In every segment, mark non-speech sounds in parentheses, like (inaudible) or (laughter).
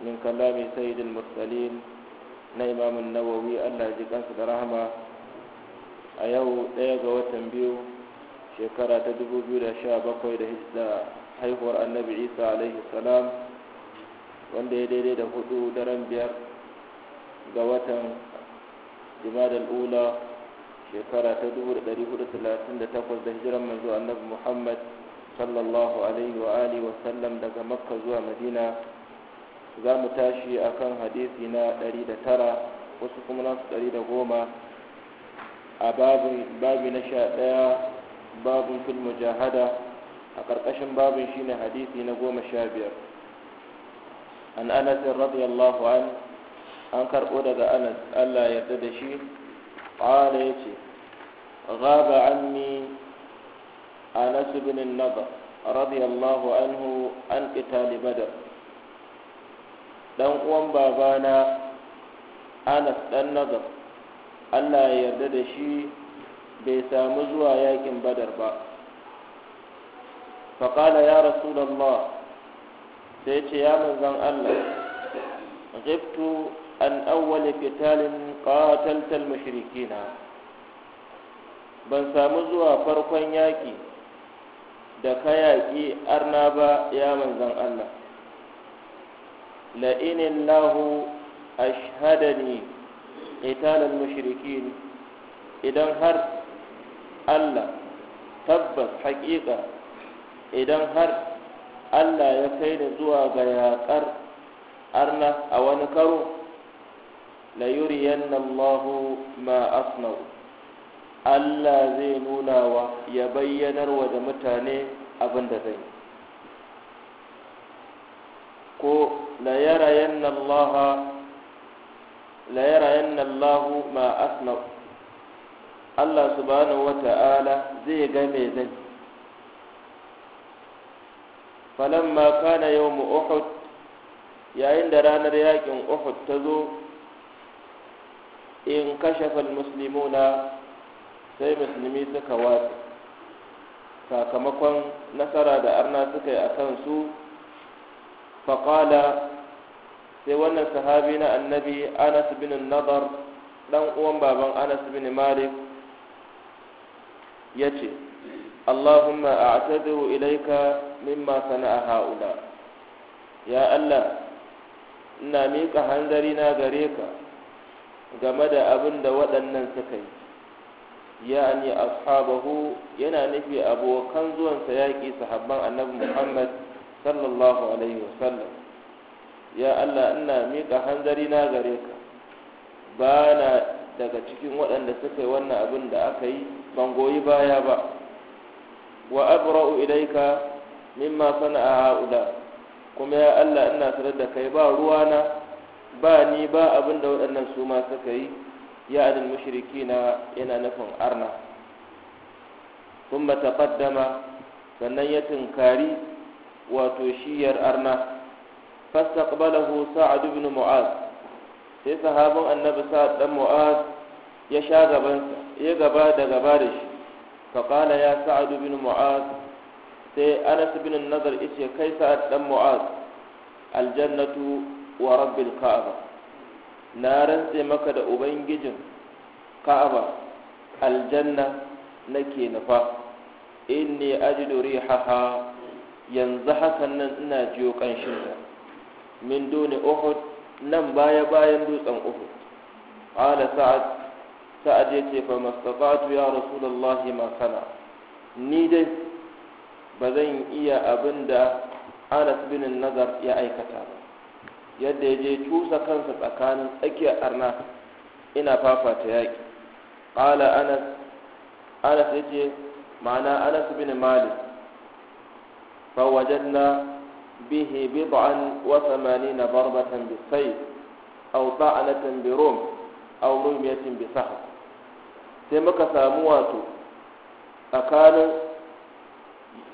من كلام سيد المرسلين نإمام النووي الله يجزاه da rahma a yau ɗaya ga watan biyu shekara ta 2017 da haihuwar annabi isa alaihi salam wanda ya daidai da hudu daren biyar ga watan jimadar ula shekara ta 1438 da hijiran manzo annabi muhammad sallallahu alaihi wa alihi wasallam daga makka zuwa madina za mu tashi kan hadisi na 109 wasu kuma nasu 110 a babi na 11 babin fil mujahada a ƙarƙashin babin ne hadisi na 15 an anas radiyallahu an an karɓo daga anas Allah yarda da shi qala yace غاب عني أنس بن النضر رضي الله عنه عن قتال بدر dan uwan babana Anas dan Nazar Allah ya yarda da shi bai samu zuwa yakin Badar ba kala ya rasulullah sai ce ya manzan Allah ghibtu an awwal qitalin al mushrikina ban samu zuwa farkon yaki da ka arna ba ya manzan Allah la'ininlahu a shahadani ƙetanen mashiriki ne idan har Allah tabbas haƙiƙa idan har Allah ya kai da zuwa ga yaƙar arna a wani karo na yuri yannan mahu ma asnau Allah zai nuna wa ya bayyanar wa da mutane abin da zai ko la yarayanna Allah la Allah ma asna Allah subhanahu ta’ala zai ga me zai falamma kana yawmu uhud yayin da ranar yakin uhud ta zo in kashafa muslimuna sai musulmi suka wata sakamakon nasara da arna suka yi a kansu faƙala sai wannan sahabi na annabi anas bin nadar ɗan uwan baban anas bin malik ya ce allahumma a atadiru ilaika mimma sana'a ha'ula ya allah ina miƙa hanzari na gare ka game da abin da waɗannan suka yi yani ashabahu yana nufi abokan zuwansa yaƙi sahabban annabi muhammad sallallahu alaihi wasallam ya Allah ina miƙa hanzari na gare ka ba na daga cikin waɗanda suka yi wannan abin da aka yi ban goyi baya ba wa abra'u ilaika mimma sana'a haula kuma ya Allah ina sanar da kai ba ruwana ba ni ba abin da waɗannan su ma suka yi ya adil mushriki na yana nufin arna kuma taqaddama sannan ya tunkari wato shiyar arna fastaqbalahu sa'ad ibn mu'az sai sahaban annabi sa'ad dan mu'az ya sha gaban ya gaba da gaba da shi fa qala ya sa'ad ibn mu'az sai Anas ibn Nadar yace kai sa'ad dan mu'az aljannatu wa rabbil ka'aba na rantse maka da ubangijin ka'aba aljanna nake nufa inni ajidu rihaha yanzu hakan nan ina jiyo kanshin sa min dole uhud nan baya bayan dutsen uhud qala sa'ad sa'ad yace fa mastata'tu ya rasulullahi ma kana ni dai ba zan iya abinda Anas bin Nazar ya aikata ba yadda ya je cusa kansa tsakanin tsakiyar arna ina fafata yaƙi qala anas anas ya ce ma'ana anas bin malik ba wajen na bihe bi ba'an wasu mani na barba tambisai hausa a na tambirin auren biyar sai muka samu wato tsakanin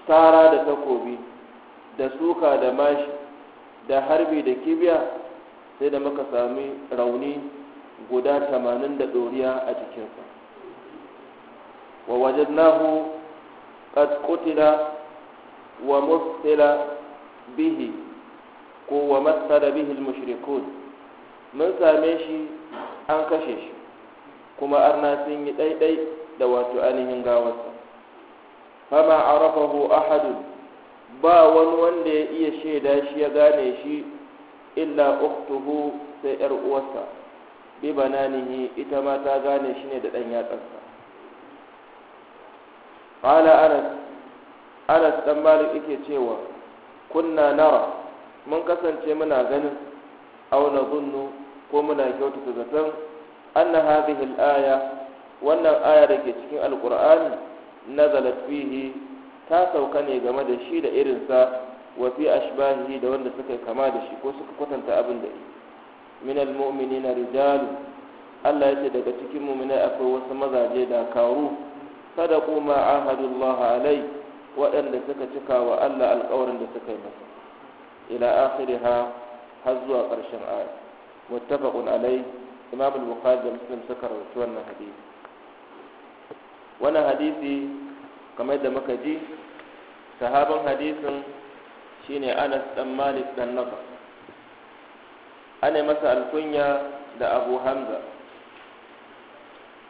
tsara da takobi da suka da mashi da harbi da kibiya sai da muka sami rauni guda tamanin da ɗoriya a jikin wa wajen na ku katkuntuna. wa mustila bihi ko wa matsala bihi mushrikun mun same shi an kashe shi kuma arna sun yi ɗaiɗai da wato ainihin gawarsa fama arafahu ahadun ba wani wanda ya iya shaida shi ya gane shi illa uktuhu sai yar uwarsa bi bananihi ita ma ta gane shi ne da ɗan yatsarsa qala anas anas dan malik yake cewa kunna nara mun kasance muna ganin aw zunnu ko muna kyautata zaton anna hadhihi al-aya wannan aya da ke cikin alqur'ani nazalat fihi ta sauka ne game da shi da irinsa wa fi ashbahihi da wanda suka kama da shi ko suka kwatanta abin da min almu'minina rijalu Allah yace daga cikin mu'minai akwai wasu mazaje da karu sadaqu ma ahadullahi alayhi alai waɗanda suka cika wa Allah alƙawarin da suka yi masa ila akhiriha har zuwa ƙarshen aya muttafaqun alai imam al-bukhari da muslim suka rawaito wannan hadisi wannan hadisi kamar da muka ji sahaban hadisin shine Anas dan Malik dan Nafa ana masa alkunya da Abu Hamza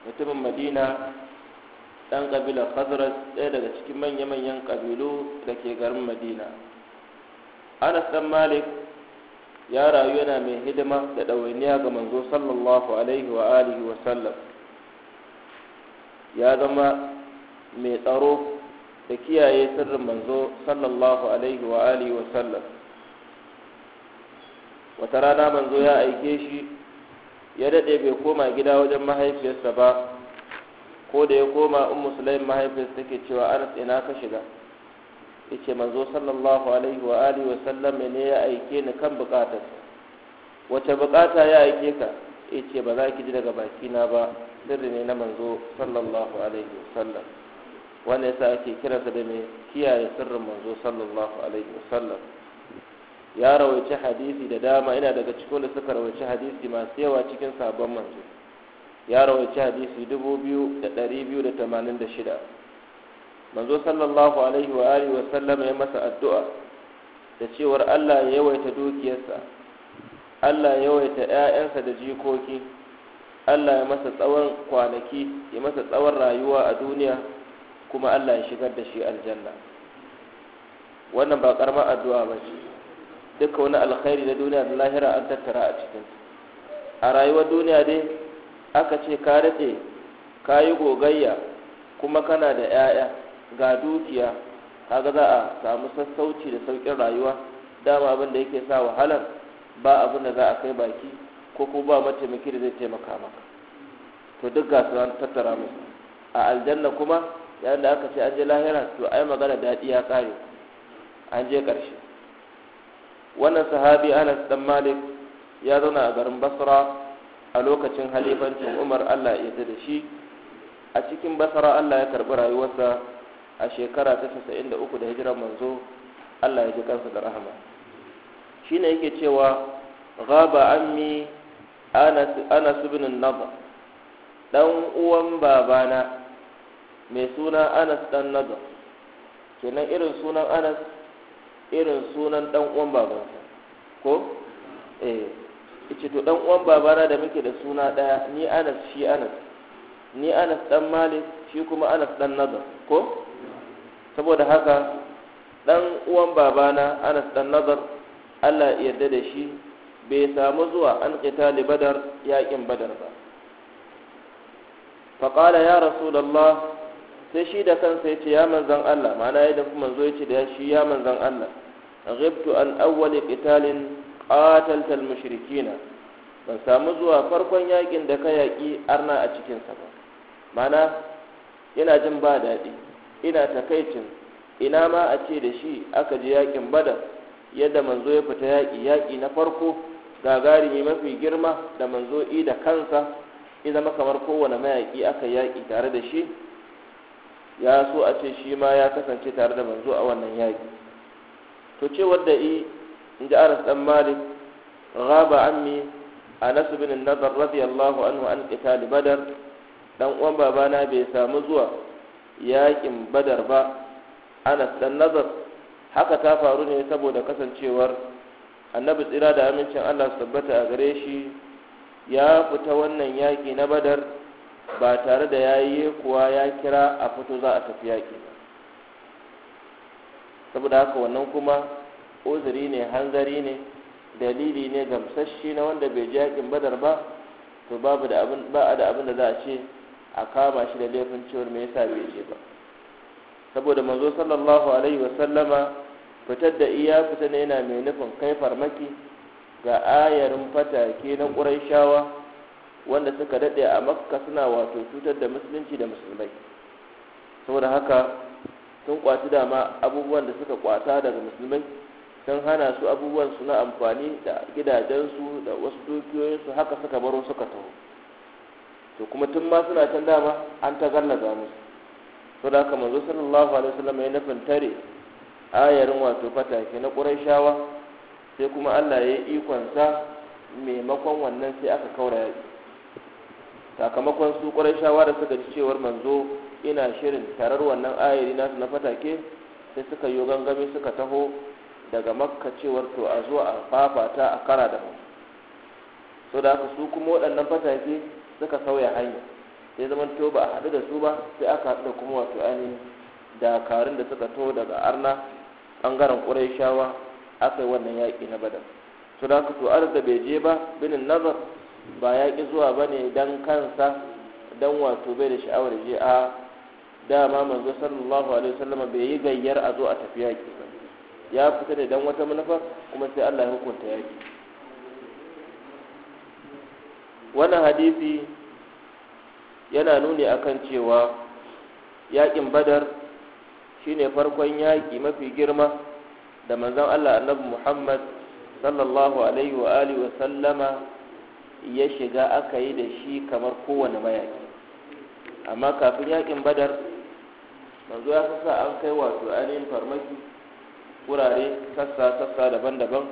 mutumin Madina ɗan ƙabilar khazraj ɗaya daga cikin manya-manyan ƙabilu da ke garin madina anas ɗan malik ya rayu yana mai hidima da ɗawainiya ga manzo sallallahu alaihi wa alihi wa sallam ya zama mai tsaro da kiyaye sirrin manzo sallallahu alaihi wa alihi wa sallam wata rana manzo ya aike shi ya daɗe bai koma gida wajen mahaifiyarsa ba ko da ya koma in musulai mahaifinsa ke cewa anas ina ka shiga ya ce manzo sallallahu alaihi wa alihi wa sallam ne ya aike ni kan bukatar wace bukata ya aike ka ya ce ba za ki ji daga baki na ba sirri ne na manzo sallallahu alaihi wa sallam wanda yasa ake kiransa da mai kiyaye sirrin manzo sallallahu alaihi wa sallam ya rawaice hadisi da dama ina daga cikin da suka rawaice hadisi masu yawa cikin sabon manzo ya rawaci hadisi dubu biyu biyu da da da tamanin shida manzo sallallahu alaihi wa alihi wa sallama ya masa addu'a da cewar Allah ya yawaita dukiyarsa Allah ya yawaita ƴaƴansa da jikoki Allah ya masa tsawon kwanaki ya masa tsawon rayuwa a duniya kuma Allah ya shigar da shi aljanna wannan ba karamar addu'a ba ce duka wani alkhairi na duniya da lahira an tattara a cikin a rayuwar duniya dai aka ce ka daɗe ka yi gogayya kuma kana da 'ya'ya ga dukiya kaga za a samu sassauci da sauƙin rayuwa dama abin da yake sa wahalar ba abin da za a kai baki ko ko ba mataimaki da zai taimaka maka to duk ga tattara musu a aljanna kuma yayin da aka ce an je lahira to ai magana daɗi ya ƙare an je ƙarshe wannan sahabi anas dan malik ya zauna a garin basra a lokacin halifancin umar allah ya da shi a cikin basara allah ya karbi rayuwarsa a shekara ta 93 da hijirar manzo allah ya ji kansa da rahama shi ne yake cewa ba ammi anas anas ibn nadhr dan uwan babana mai suna anas dan nazar kenan irin sunan anas irin sunan dan uwan babansa ko eh yace to dan uwan babana da muke da suna daya ni Anas shi Anas ni Anas dan Malik shi kuma Anas dan Nadar ko saboda haka dan uwan babana Anas dan Nadar Allah ya yarda da shi bai samu zuwa an qitali badar yakin badar ba faƙala ya rasulallah sai shi da kansa ya ce ya manzan Allah ma'ana ya dafi manzo ya ce da shi ya manzan Allah ghibtu an awwali qitalin qataltal na ban samu zuwa farkon yakin da ka yaki arna a cikin sa ba mana yana jin ba daɗi ina takaicin ina ma a ce da shi aka ji yakin badar yadda manzo ya fita yaki yaki na farko gagarumi mafi girma da manzo i da kansa i zama kamar kowane mayaki aka yaki tare da shi ya so a ce shi ma ya kasance tare da manzo a wannan yaki to ce wadda i inji anas ɗan malik raba ammi anas bin nazar radiyallahu anhu an qital badar dan uwan babana bai samu zuwa yakin badar ba anas ɗan nazar haka ta faru ne saboda kasancewar annabi tsira da amincin Allah su tabbata a gare shi ya fita wannan yaki na badar ba tare da yayi kuwa ya kira a fito za a tafi yaki saboda haka wannan kuma uzuri ne hanzari ne dalili ne gamsashi na wanda bai ji yakin badar ba to babu da abin ba da abin da za a ce a kama shi da laifin cewar me yasa bai je ba saboda manzo sallallahu alaihi wa sallama fitar da iya fita ne yana mai nufin kai farmaki ga ayarin fatake na ƙuraishawa wanda suka daɗe a makka suna wato cutar da musulunci da musulmai saboda haka sun kwaci dama abubuwan da suka kwata daga musulmai sun hana su abubuwan su na amfani da gidajensu da wasu dukiyoyinsu haka suka baro suka taho to kuma tun ma suna can dama an ta gallaza musu to da kamar manzo sallallahu alaihi wasallam ya nufin tare ayarin wato fatake na quraishawa sai kuma Allah ya yi ikon sa maimakon wannan sai aka kaura yaki sakamakon su quraishawa da suka ji cewar manzo ina shirin tarar wannan ayari nasu na fatake sai suka yi gangami suka taho daga makka cewar to a zo a fafata a kara da mu so da aka su kuma waɗannan fatake suka sauya hanya sai zaman to ba a haɗu da su ba sai aka haɗu da kuma wato ainihin dakarun da suka to daga arna ɓangaren ƙurai shawa aka yi wannan yaƙi na badar so da to arz da bai je ba binin nazar ba yaƙi zuwa ba ne don kansa dan wato bai da sha'awar je a dama manzo sallallahu alaihi wasallam bai yi gayyar a zo a tafi yaƙi ba ya fita da don wata manufa kuma sai Allah ya hukunta yaki wannan hadisi yana nuni akan cewa yakin badar shine farkon yaki mafi girma da manzon Allah annabi Muhammad sallallahu alaihi wa alihi wa sallama ya shiga aka yi da shi kamar kowane mayaki amma kafin yakin badar manzo ya sa an kai wato ainihin farmaki wurare sassa-sassa daban-daban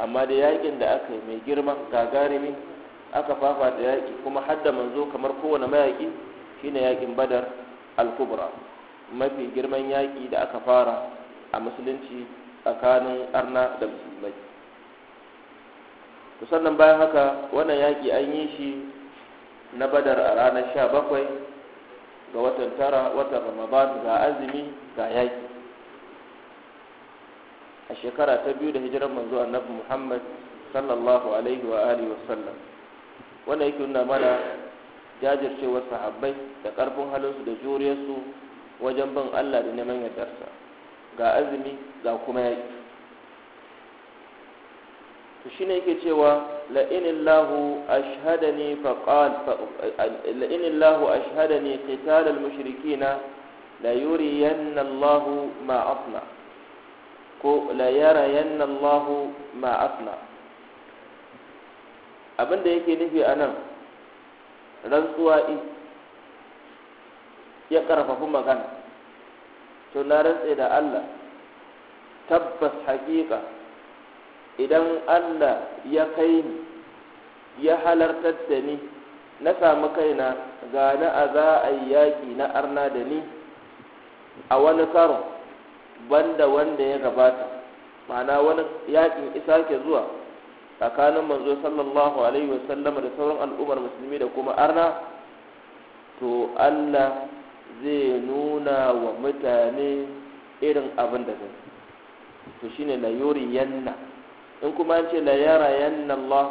amma da yakin da aka yi mai girma gagarumi aka da yaki kuma hadda manzo kamar kowane mayaki shine yaƙin badar al-kubra mafi girman yaƙi da aka fara a musulunci tsakanin arna da musulmai sannan bayan haka wannan yaki an yi shi na badar a ranar 17 ga watan tara watan ramadan ga azumi ga yaki a shekara ta biyu da hijirar manzo annabi Muhammad sallallahu alaihi wa alihi wa sallam wannan yake nuna mana jajircewar sahabbai da karfin halinsu da juriyarsu wajen bin Allah da neman yardarsa ga azumi ga kuma yaki to shine yake cewa la inillahu ashhadani fa qal la inillahu ashhadani qital al mushrikina la yuriyanna Allahu ma ko la yarayanna Allahu ma afna abinda yake nufi anan rantsuwa in ya karfafi magana to na rantse da Allah tabbas haƙiƙa idan Allah ya kai ni ya halartar da ni na samu kaina gani a za a yaƙi na arna da ni a wani karo. banda wanda ya gabata ma'ana wani yakin isa ke zuwa tsakanin manzo sallallahu alaihi wasallam da sauran al'ummar musulmi da kuma arna to Allah zai nuna wa mutane irin abin da zai to shine la yanna in kuma an ce la yara yanna Allah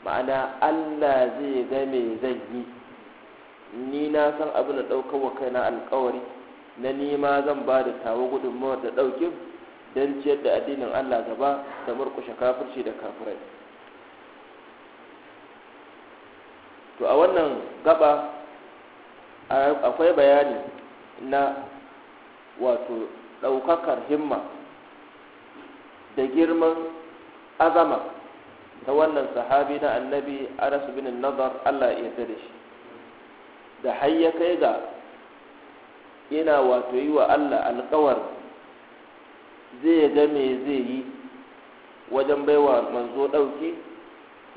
ma'ana Allah zai ga me zai yi ni na san abin da ɗaukar wa kaina alƙawari na nima zan ba da tawo gudunmawar da ɗauki don ciyar da addinin Allah gaba da murkushe kafirci da kafirai to a wannan gaba akwai bayani na wato ɗaukakar himma da girman azama ta wannan sahabi na annabi rasu binin nazar Allah ya da shi da hayya kai ga yana wato yi wa Allah alkawar zai ga me zai yi wajen baiwa manzo ɗauki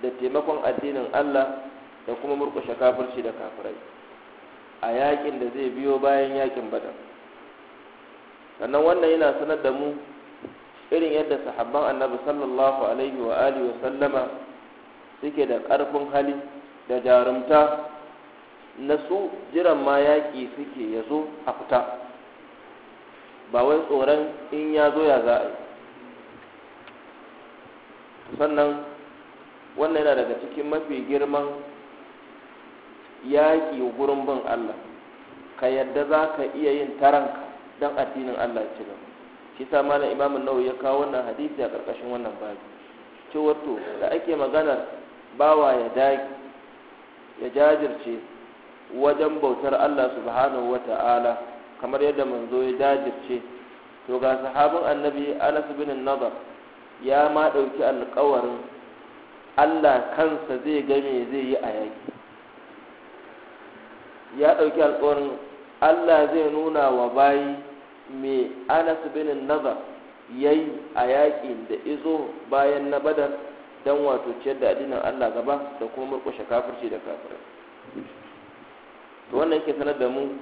da taimakon addinin Allah da kuma murƙushe kafirci da kafirai a yakin da zai biyo bayan yakin badar sannan wannan yana sanar da mu irin yadda sahabban annabi sallallahu alaihi wa alihi wa sallama suke da ƙarfin hali da jarumta na su jiran ma yaƙi suke ya zo a fita ba wai tsoron in ya zo ya za a yi sannan wannan yana daga cikin mafi girman yaƙi gurin bin Allah ka yadda za ka iya yin taranka don addinin Allah ci gaba shi sa malam imamun nawawi ya kawo wannan hadisi a ƙarƙashin wannan babi cewa to da ake maganar bawa ya ya jajirce wajen bautar Allah subhanahu wa ta'ala kamar yadda manzo ya dajirce to ga sahabin annabi Anas bin Nadar ya ma dauki alƙawarin Allah kansa zai gane zai yi a yaki ya dauki alƙawarin Allah zai nuna wa bayi me Anas bin Nadar yayi a yaƙi da izo bayan na badar dan wato ciyar da addinin Allah gaba da kuma murƙushe kafirci da kafirci wannan yake sanar da mu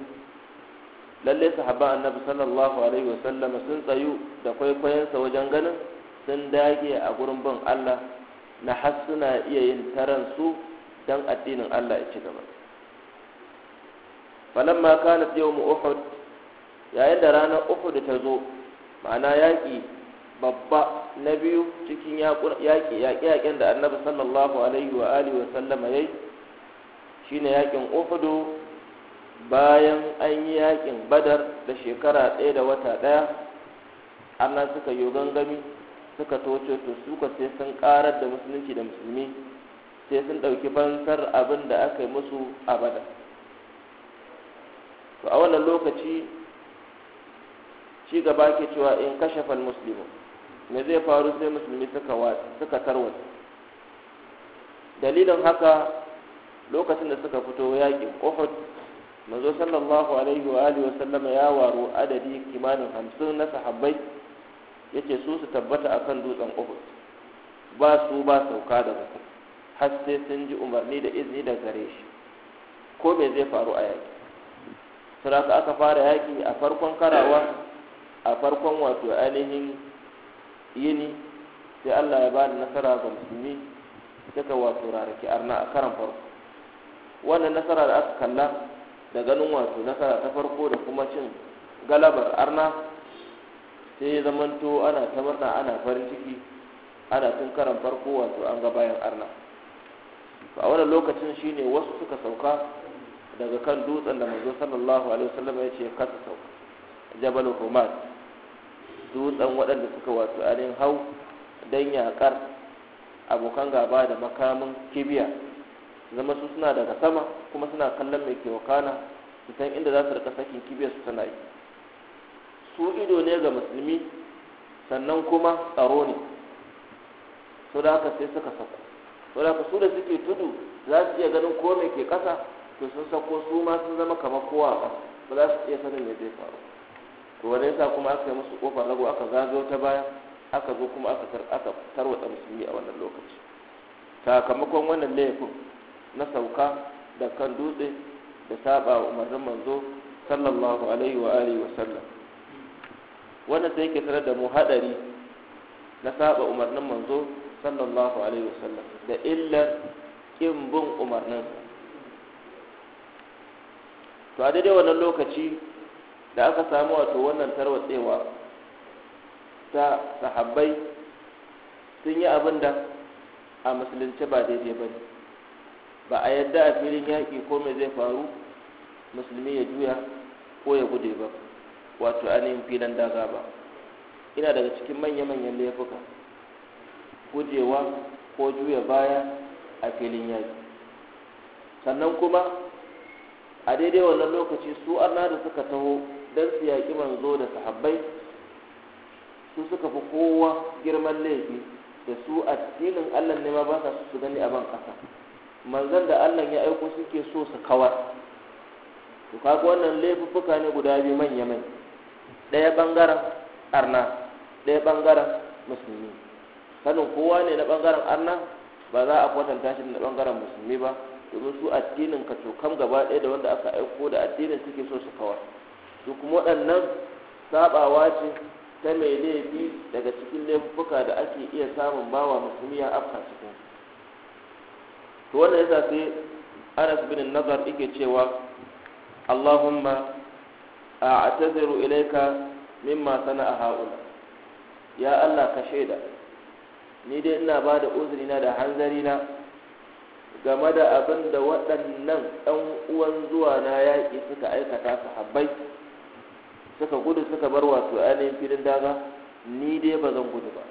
lalle sahaba annabi sallallahu alaihi wasallam sun tsayu da sa wajen ganin sun dage a gurin bin Allah na har suna iya yin taran su dan addinin Allah ya ci gaba falamma kanat yawm uhud yayin da ranar uhud ta zo ma'ana yaki babba na biyu cikin yaki yaki yakin da annabi sallallahu alaihi wa alihi wa yayi shine yakin uhudu bayan an yi yakin badar da shekara ɗaya da wata ɗaya ana suka yi gangami suka toce to suka sai sun karar da musulunci da musulmi sai sun ɗauki fansar abin da aka yi musu a badar to a wannan lokaci ci gaba ke cewa in kashafal musulmi me zai faru sai musulmi suka tarwata dalilin haka lokacin da suka fito yaƙin ƙofar manzo sallallahu alaihi wa alihi sallam ya waro adadi kimanin hamsin na sahabbai yace su su tabbata akan dutsen Uhud ba su ba sauka daga ku har sai sun ji umarni da izini da gare shi ko me zai faru a yaki saraka aka fara yaki a farkon karawa a farkon wato ainihin yini sai Allah ya bada da nasara ga musulmi suka wato raraki arna a karan farko wannan nasara da aka kalla da ganin wato nasara ta farko da kuma cin galabar arna sai ya zamanto ana ta murna ana farin ciki ana tun karan farko wato an ga bayan arna a wannan lokacin shine wasu suka sauka daga kan dutsen da manzo sallallahu alaihi wasallam ya ce ka sauka jabal humat dutsen waɗanda suka wato ainihin hau dan yaƙar abokan gaba da makamin kibiya zama su suna daga sama kuma suna kallon mai ke wakana su san inda za su rika sakin kibiyar su tana yi su ido ne ga musulmi sannan kuma tsaro ne sau da haka sai suka sako su da haka su da suke tudu za su iya ganin ko mai ke kasa to sun sako su ma sun zama kamar kowa a ba za su iya sanin me zai faru to wani yasa kuma aka yi musu kofar rago aka zazo ta baya aka zo kuma aka tarwatsa musulmi a wannan lokaci sakamakon wannan laifin na sauka da kan dutse da saba wa umarnin manzo sallallahu alaihi wa alihi wa sallam wannan sai yake tare da mu hadari na saba umarnin manzo sallallahu alaihi wa sallam da illar kin bin umarnin to a daidai wannan lokaci da aka samu wato wannan tarwatsewa ta sahabbai sun yi abin da a musulunci ba daidai ba ne ba a yadda a filin yaƙi ko mai zai faru musulmi ya juya ko ya gude ba wato ainihin filin daga ba ina daga cikin manya-manyan laifuka gujewa ko juya baya a filin yaƙi sannan kuma a daidai wannan lokaci su arna da suka taho don su yaƙi manzo da sahabbai su suka fi kowa girman laifi da su addinin allah ne ma ba sa su gani a ban ƙasa manzan da Allah ya aiko suke so su kawar to kaga wannan laifuffuka ne guda biyu manya mai ɗaya ɓangaren arna ɗaya ɓangaren musulmi sanin kowa ne na ɓangaren arna ba za a kwatanta shi na ɓangaren musulmi ba domin su addinin ka cokam gaba ɗaya da wanda aka aiko da addinin suke so su kawar to kuma waɗannan sabawa ce ta mai laifi daga cikin laifuka da ake iya samun bawa musulmi ya afka cikin to wannan yasa sai Anas bin Nazar yake cewa Allahumma a'taziru ilayka mimma sana'a haula ya Allah ka shaida ni dai ina ba da uzurina da hanzarina game da abin da waɗannan ɗan uwan zuwa na yaƙi suka aikata su habbai suka gudu suka bar wato ainihin filin daga ni dai ba zan gudu ba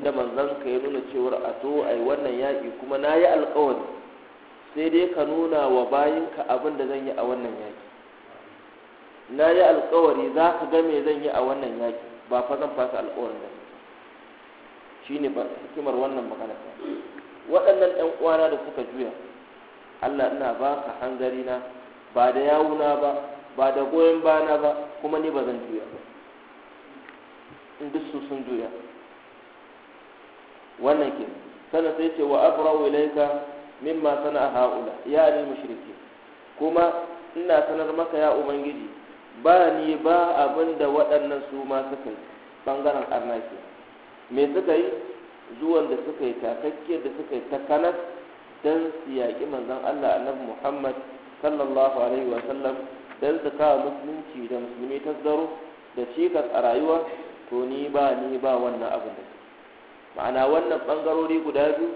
inda manzanka ya nuna cewar a to ai wannan yaƙi kuma na yi alƙawari sai dai ka nuna wa bayinka abin da zan yi a wannan yaƙi na yi alƙawari za ka ga me zan yi a wannan yaƙi ba fa zan fasa alƙawarin da shi ne hikimar wannan magana ta waɗannan ɗan uwana da suka juya Allah ina ba ka hangari na ba da yawuna ba ba da goyon bana ba kuma ni ba zan juya ba in duk su sun juya wannan ke sannan sai ce wa aqra'u ilaika mimma sana'a haula ya ni mushriki kuma ina sanar maka ya ubangiji ba ni ba abinda waɗannan su ma suka yi bangaren arnaki me suka yi zuwan da suka yi takakke da suka yi takanas don su yaƙi manzon Allah annabi Muhammad sallallahu alaihi wa sallam dan su kawo musulunci da musulmi tazzaro da cikas a rayuwa to ni ba ni ba wannan abin da ma'ana wannan ɓangarori guda biyu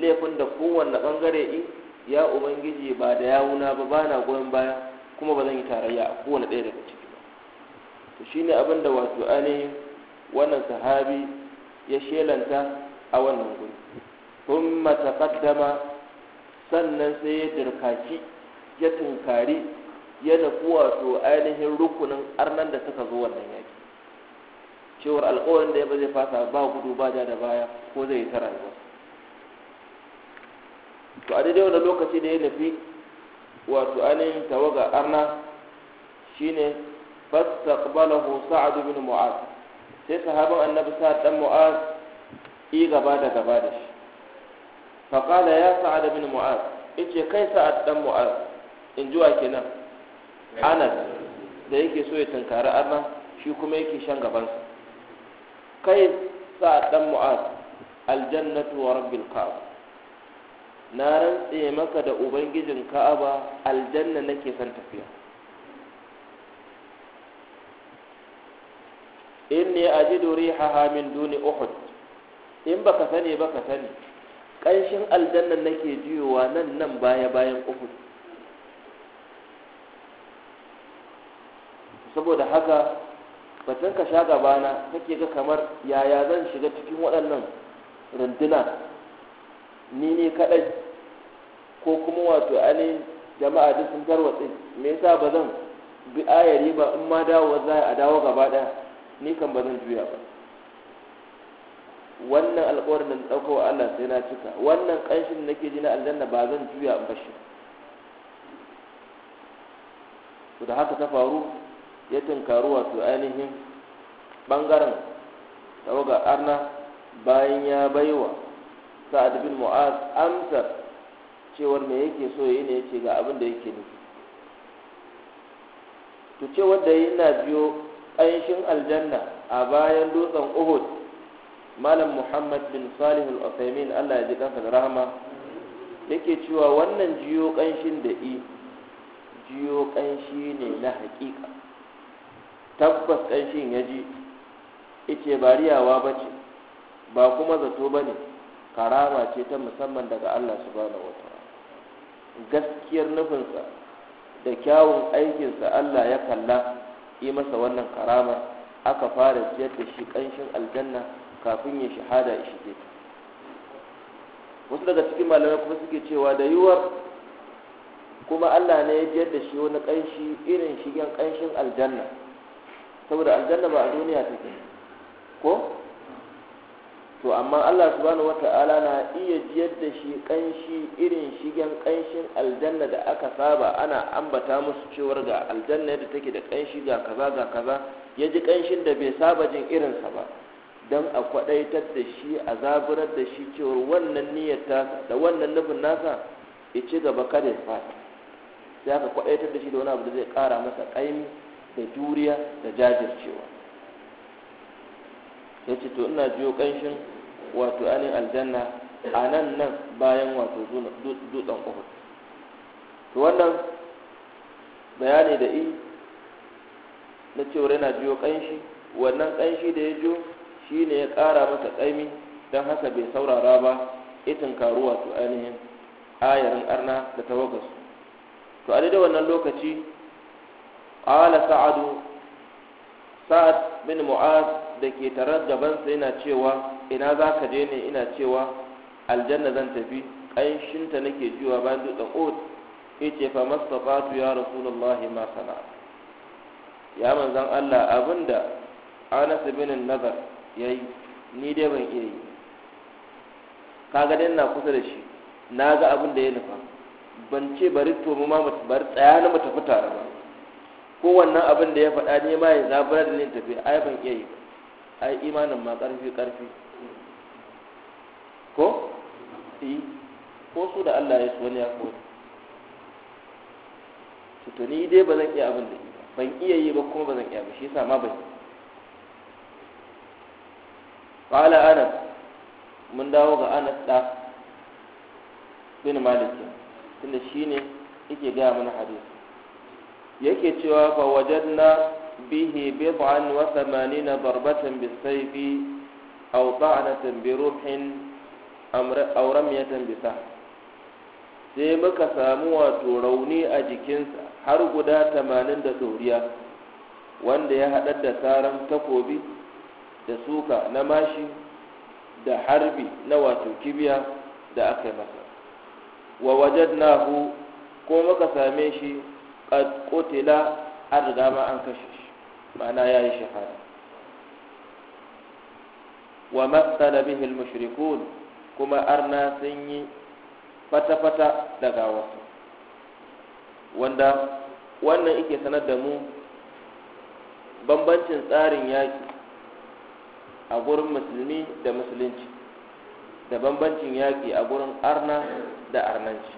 laifin da kowanne ɓangare in ya ubangiji ba da yawuna ba ba na goyon baya kuma ba zan yi tarayya a kowane ɗaya daga ciki ba to shine abin da wato ainihin wannan sahabi ya shelanta a wannan guri kun taqaddama sannan sai ya dirkaci ya tunkari ya nufi wato ainihin rukunin arnan da suka zo wannan yaki cewar alƙawarin da ya ba zai fasa ba gudu ba da baya ko zai yi ta rayuwa to a daidai wannan lokaci da ya nufi wato ainihin tawaga arna shine fastaqbalahu sa'ad bin mu'az sai sahaban annabi sa'ad dan mu'az yi gaba da gaba da shi fa qala ya sa'ad bin mu'az ce kai sa'ad dan mu'az in jiwa kenan anas da yake so ya tunkari arna shi kuma yake shan gabansa kai sa dan mu'az aljannatu wa rabbil na rantse maka da ubangijin ka'aba aljanna nake son tafiya inni ajidu rihaha min duni uhud in baka sani baka sani ƙanshin aljanna nake jiyowa nan nan baya bayan uhud saboda haka batun ka sha gabana kake ga kamar yaya zan shiga cikin waɗannan runduna ni ne kaɗai ko kuma wato ani jama'a duk sun tarwatsi me yasa ba zan bi ayari ba in ma dawo za a dawo gaba ɗaya ni kan ba zan juya ba wannan alƙawarin da ɗauka wa Allah sai na cika wannan ƙanshin da nake ji na aljanna ba zan juya in bashi da haka ta faru ya tunkari wato ainihin bangaren tawaga arna bayan ya baiwa sa'ad bin mu'az amsar cewar me yake so yi ne yace ga abin da yake nufi to cewar da yana biyo ƙanshin aljanna a bayan dutsen uhud malam muhammad bin salih al-usaimin allah ya ji kansa da rahama yake cewa wannan jiyo ƙanshin da i jiyo ƙanshi ne na haƙiƙa tabbas ƙanshin ya ji ice bariyawa ba ce ba kuma zato ba ne karama ce ta musamman daga Allah subhanahu wa wata gaskiyar nufinsa da kyawun aikinsa Allah ya kalla yi masa wannan karama aka fara ciyar da shi ƙanshin aljanna kafin ya shahada ya shige ta wasu daga cikin malamai kuma suke cewa da yiwuwar kuma Allah ne ya jiyar da shi wani ƙanshi irin shigen ƙanshin aljanna saboda aljanna ba a duniya take ko to amma Allah subhanahu wata'ala na iya jiyar da shi kanshi irin shigen kanshin aljanna da aka saba ana ambata musu cewar ga aljanna da take da kanshi ga kaza ga kaza ya ji kanshin da bai saba jin irinsa ba don a kwadaitar da shi a zaburar da shi cewar wannan niyyar tasa da wannan nufin nasa ya ci gaba kada ya fata sai aka kwadaitar da shi da wani abu da zai kara masa kaimi da juriya da jajircewa ya ce to ina jiyo kanshin wato anin aljanna a nan nan bayan wato dutsen uhud to wannan bayani da i na cewa yana jiyo kanshi wannan kanshi da ya jiyo shi ne ya ƙara masa ƙaimi don haka bai saurara ba itin karu wato ainihin ayarin arna da su to a daidai wannan lokaci qala Sa'adu sa'ad bin mu'az da ke gaban sa yana cewa ina za ka je ne ina cewa aljanna zan tafi ƙanshinta nake jiwa bayan dutsen uhud yace fa mastafatu ya rasulullahi ma sana ya manzan Allah abinda Anas bin Nazar yayi ni dai ban iya yi kaga dai ina kusa da shi na ga abin da ya nufa ban ce bari to mu ma bari tsaya na mu tafi tare ba ko wannan abin da ya faɗa ne ma ya zabura da ne tafi ai ban iya yi ai imanin ma ƙarfi ƙarfi ko yi eh. ko su da Allah ya su wani ya kori su to ni dai ba zan iya abin da ban iya yi ba kuma ba zan iya ba shi yasa ma ban yi qala anas mun dawo ga anas da bin malikin tunda shine yake ga mana hadisi yake cewa fa wajadna bihi bid'an wa thamanina darbatan bisayfi aw ta'natan bi ruhin aw ramyatan bi sai muka samu wato rauni a jikinsa har guda tamanin da ɗoriya wanda ya haɗar da saran takobi da suka na mashi da harbi na wato kibiya da aka yi masa wa wajadnahu ko muka same shi qad qutila an riga ma an kashe shi ma'ana yi shahada wa matsala bihi al-mushrikun kuma arna sun yi fata-fata da gawarsa wanda wannan yake sanar da mu bambancin tsarin yaƙi a gurin musulmi da musulunci da bambancin yaƙi a gurin arna da arnanci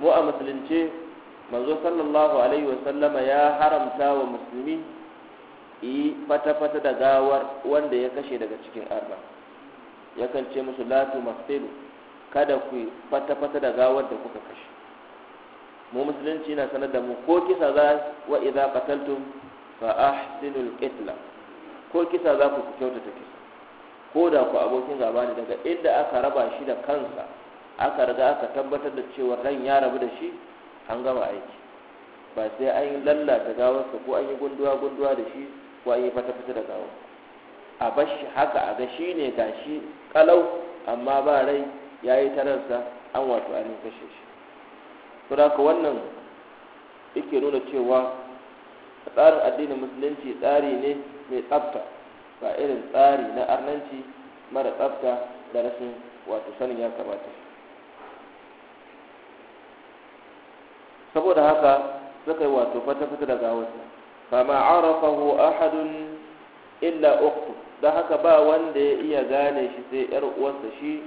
mu a musulunce manzo sallallahu alaihi sallama ya haramta wa musulmi yi fata-fata da gawar wanda ya kashe daga cikin arba yakan ce musu latu masfilu kada ku fata-fata da gawar da kuka kashe mu musulunci na sanar da mu ko kisa za wa idza qataltum fa ahsinul qitla ko kisa za ku kyautata kisa ko da ku abokin gaba ne daga inda aka raba shi da kansa aka riga aka tabbatar da cewa ran ya rabu da shi an gama aiki ba sai an yi lallata gawarsa ko an yi gunduwa gunduwa da shi ko an yi fata fata da gawar a bashi haka a ga shi ne ga shi kalau amma ba rai ya yi tararsa an wato an kashe shi ka wannan yake nuna cewa tsarin addinin musulunci tsari ne mai tsafta ba irin tsari na arnanci mara tsafta da rashin wato sanin ya kamata saboda haka suka yi wato fata-fata da gawarsa fama arafahu ahadun illa uku don haka ba wanda ya iya gane shi sai yar uwarsa shi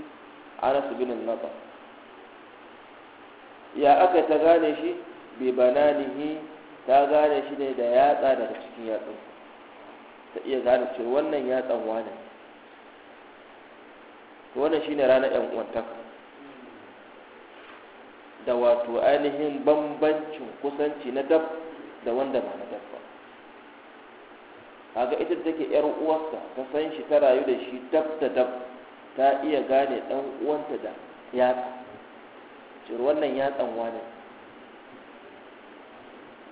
anas bin naba ya aka ta gane shi bi bananihi ta gane shi ne da yatsa daga cikin yatsun ta iya gane cewa wannan yatsan wane wannan shine ranar yan uwantaka da wato ainihin bambancin kusanci na dab da wanda ba na dab ba kaga ita take yar uwarsa ta san shi ta rayu da shi dab da dab ta iya gane dan uwanta da ya cir wannan yatsan wane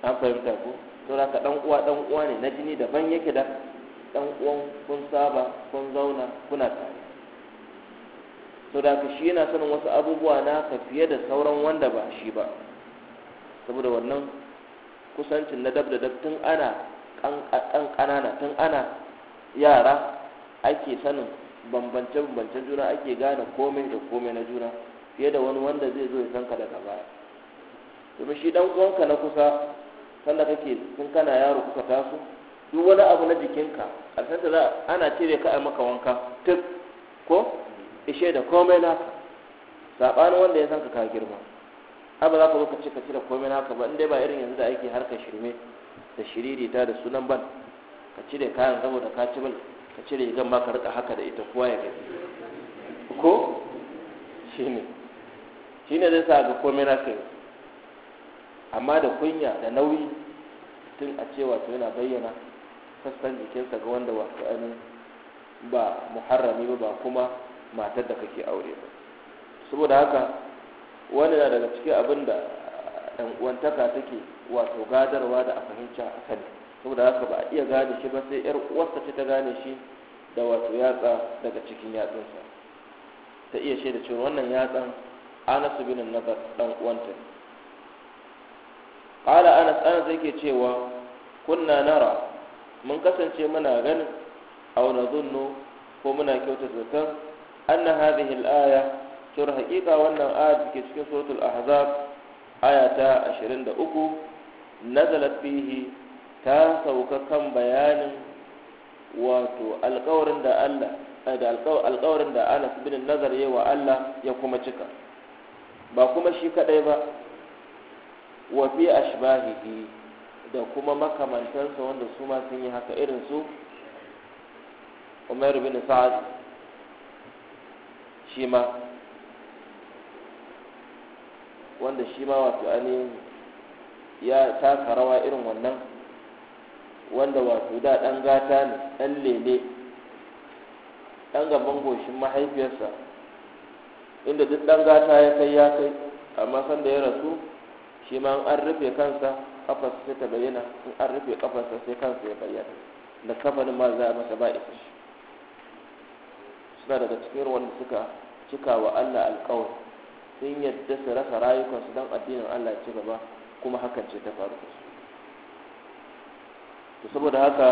an fahimta ko to da dan uwa dan uwa ne na jini daban yake da dan uwan kun saba kun zauna kuna tare so da ka shi yana sanin wasu abubuwa na ka fiye da sauran wanda ba shi ba saboda wannan kusancin na dab da dab tun ana kan kanana tun ana yara ake sanin bambance bambance juna ake gane komai da komai na juna fiye da wani wanda zai zo ya san ka daga baya domin shi dan uwanka na kusa sanda kake tun kana yaro kuka taso duk wani abu na jikinka a ta za ana cire ka a maka wanka tuk ko ishe da komai naka saɓanin wanda ya san ka ka girma ai ba za ka zo ka ce ka da komai naka ba in dai ba irin yanzu da ake harkar shirme da shiririta da sunan ban ka cire kayan da ka ci bal ka cire rigar ma ka rika haka da ita kowa ya gani ko shine shine zai sa ga komai naka yau amma da kunya da nauyi tun a ce wato yana bayyana sassan jikinsa ga wanda wato ainihin ba muharrami ba kuma matar da kake aure ba saboda haka wani na daga cikin abin da uwantaka take wato gadarwa da a fahimta a kan saboda haka ba a iya gane shi ba sai yar uwarsa ce ta gane shi da wato yatsa daga cikin yatsunsa ta iya shaida cewa wannan yatsan anas bin nazar ɗan uwanta ƙala anas anas yake cewa kunna nara mun kasance muna ganin auna zunno ko muna kyauta zaton anna hadhihi al-aya to haƙiƙa wannan aya ke cikin suratul ahzab aya ta 23 nazalat fihi ta sauka kan bayanin wato alƙawarin da Allah eh, da alƙawarin Anas bin Nazar wa Allah ya kuma cika ba kuma shi kaɗai ba wa fi ashbahihi da kuma makamantansa wanda su sun yi haka irin su Umar bin Sa'ad shi ma wanda shi ma wato ainihin ya taka rawa irin wannan wanda wato da ɗan gata ne ɗan lele ɗan gaban goshin mahaifiyarsa inda duk ɗan gata ya kai ya kai amma sanda ya rasu shi ma an rufe kansa kafarsa sai ta bayyana in an rufe kafarsa sai kansa ya bayyana da kafanin ma za a masa ba isa shi suna daga cikin wanda suka cika wa Allah alƙawar sun yadda su rasa rayukansu don addinin Allah ci gaba kuma hakan ce ta faru to saboda haka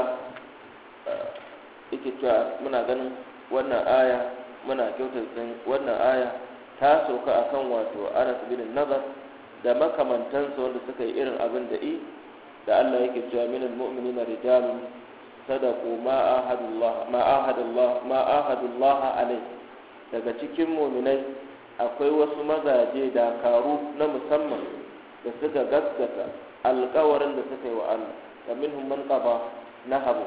eh, yake cewa muna ganin wannan aya muna kyautar wannan aya ta sauka kan wato Anas bin nazar da makamantansa wanda suka yi irin abin da i da Allah yake cewa mu'mini na rijalun sadaku ma ahadullah ma ahadullah ma ahadullah alai daga cikin mu'minai akwai wasu mazaje dakaru na musamman da suka gaskata alƙawarin da suka yi wa Allah da minhum man qaba nahabu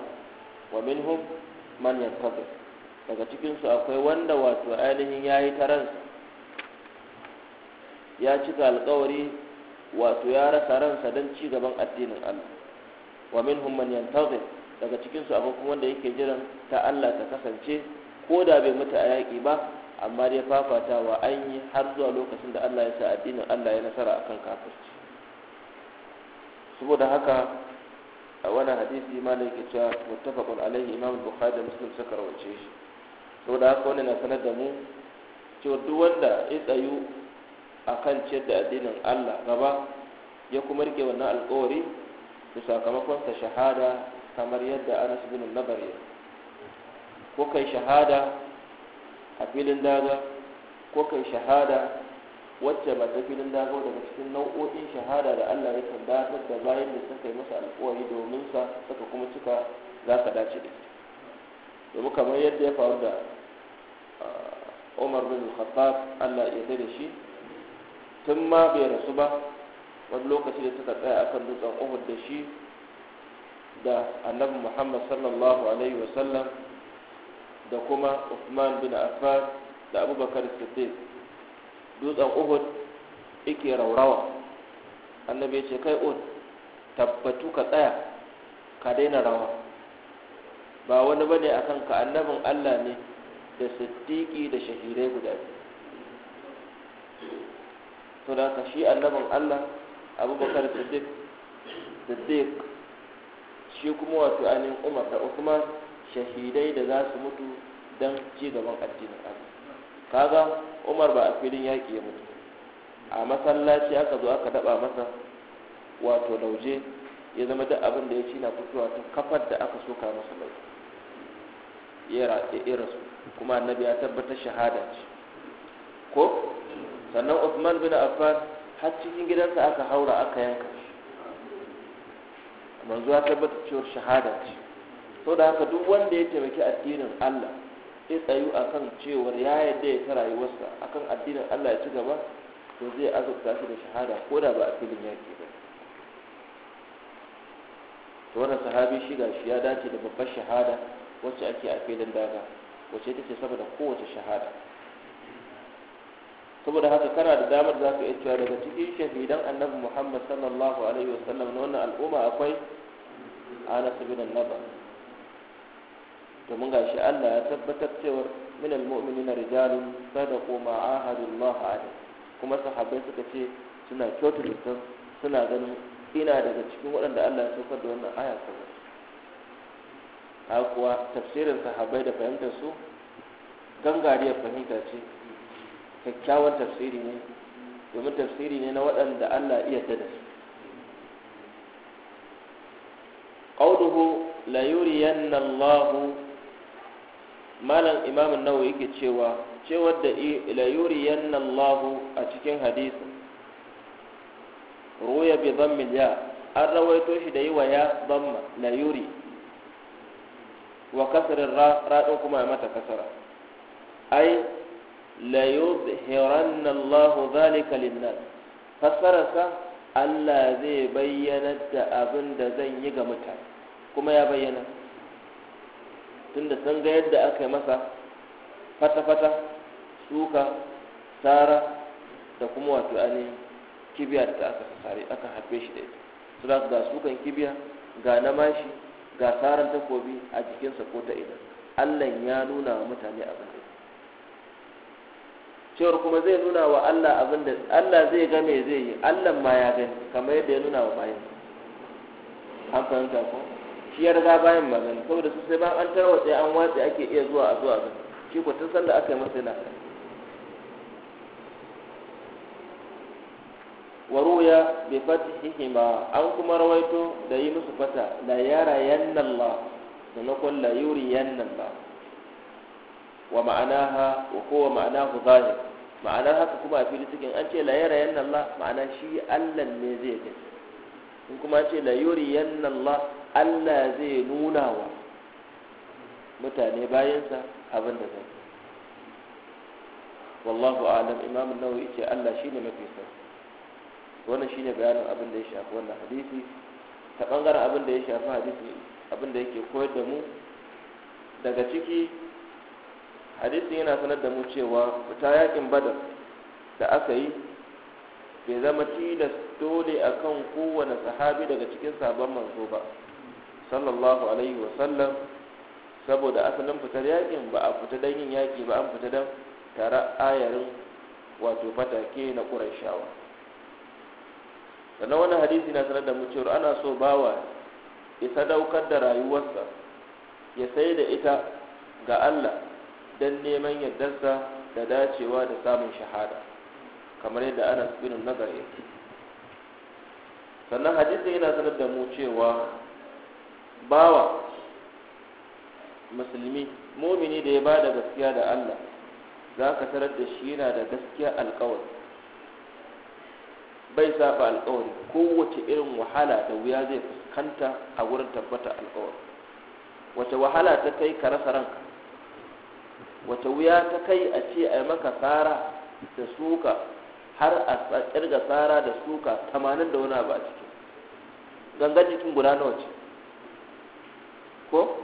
wa minhum man yantazir daga cikin su akwai wanda wato ainihin yayi taran ya cika alƙawari wato ya rasa ransa don ci gaban addinin Allah wa minhum man yantazir daga cikinsu su kuma wanda yake jiran ta Allah ta kasance ko da bai mutu a yaki ba amma dai fafatawa an yi har zuwa lokacin da Allah ya sa addinin Allah ya nasara akan kafirci saboda haka a wannan hadisi malam yake cewa muttafaqun alaihi imam bukhari da muslim suka rawace shi saboda haka wannan na sanar da mu cewa duk wanda ya tsayu akan ciyar da addinin Allah gaba ya kuma rike wannan alƙawari to sakamakon sa shahada kamar yadda anas bin nabar ya ko kai shahada a filin daga ko kai shahada wacce ba ta filin daga daga cikin nau'o'in shahada da allah ya datar da bayan da suka yi masa alkawari domin sa suka kuma cika za ka dace da domin kamar yadda ya faru da ah, umar bin khattab allah ya da shi tun ma bai rasu ba wani lokaci da suka tsaya akan dutsen uhud da shi da annabi muhammad sallallahu alaihi wasallam da kuma usman bin affan da abubakar siddiq dutsen uhud ike raurawa annabi ya ce kai uhud tabbatu ka tsaya ka daina rawa ba wani bane akan ka annabin allah ne da siddiqi da shahirai guda biyu to da ka shi annabin allah abubakar siddiq siddiq shi kuma wato ainihin umar da usman shahidai da za su mutu don ci gaban addinin allah kaga umar ba a filin yaki ya mutu a masallaci aka zo aka daba masa wato lauje ya zama duk abin da ya ci na fitowa ta kafar da aka soka masa bai ya rasu kuma annabi ya tabbatar shahada ce ko sannan usman bin Affan har cikin gidansa aka haura aka yanka manzo ya tabbata cewar shahada ce to da haka duk wanda ya taimaki addinin Allah sai tsayu akan cewar ya yadda ya ta rayuwarsa akan addinin Allah ya ci gaba to zai azurta shi da shahada ko da ba a filin yaƙi ba to wannan sahabi shi ga shi ya dace da babbar shahada wacce ake a filin daga wacce ita ce saboda kowace shahada saboda haka kana da damar za ka iya cewa daga cikin shahidan annabi muhammad sallallahu alaihi wasallam na wannan al'umma akwai ana bin annaba domin gashi allah ya tabbatar cewar min almu'minin rijalun sadaqu ma ahadu allah alaihi kuma sahabbai suka ce suna kyautu da suna ganin ina daga cikin waɗanda allah ya saukar da wannan aya saboda Ha kuwa tafsirin sahabbai da fahimtar su gangariyar fahimta ce kyakkyawan tafsiri ne domin tafsiri ne na waɗanda Allah iya da su qawluhu la yuriyanna Allahu malam imamun nawa yake cewa cewar da la yuriyanna Allahu a cikin hadisi ruya bi dhammil ya an rawaito shi da yi wa ya dhamma la wa kasarin ra kuma ya mata kasara ai la yuzhiranna Allahu zalika linnas fassararsa Allah zai bayyana da zan yi ga mutane kuma ya bayyana tunda sun ga yadda aka masa fata-fata suka tsara da kuma wato kibiya aka aka harbe shi da ita su ga sukan kibiya ga na ga takobi a jikinsa ko ta idan ya nuna wa mutane abin da cewar kuma zai nuna wa Allah abin da Allah zai ga me zai yi Allah ma ya gani kamar yadda ya nuna wa bayan an fahimta ko shi ya riga bayan ma gani saboda su sai ba an tarwatse an watsi ake iya zuwa a zuwa gani shi ko tun sanda aka yi masa yana kai waruya bi ma an kuma rawaito da yi musu fata la yara yannallah da na kun la yuri yannallah wa ma'anaha wa kowa ma'anahu zahir ma'anar haka kuma a fili cikin an ce la yara yanna Allah ma'ana shi Allah ne zai ga in kuma an ce la yuri yanna Allah Allah zai nuna wa mutane bayansa abin da zai wallahu a'lam imam an-nawawi ce Allah shine mafi sani wannan shine bayanin abin da ya shafi wannan hadisi ta bangaren abin da ya shafi hadisi abin da yake koyar da mu daga ciki hadisi yana sanar da mu cewa fita yakin badar da aka yi bai zama tilas dole a kan kowane sahabi daga cikin sabon manzo ba sallallahu alaihi wa sallam saboda asalin fitar yakin ba a fita don yin yaki ba an fita don tara ayarin wato fatake na ƙurashawa sannan wani hadisi na sanar da mu cewa ana so bawa ya sadaukar da rayuwarsa ya sai da ita ga Allah don neman yaddarsa da dacewa da samun shahada kamar yadda ana bin nazar yake sannan hadisi yana sanar da mu cewa bawa musulmi mumini da ya ba da gaskiya da Allah za ka tarar da shi yana da gaskiya alkawari bai saba alkawari kowace irin wahala da wuya zai fuskanta a wurin tabbata alkawari wace wahala ta kai ka rasa ranka wata wuya ta kai a ce a yi maka tsara da suka har a kirga tsara da suka tamanin da wani ba a cikin gangan jikin guda nawa ce ko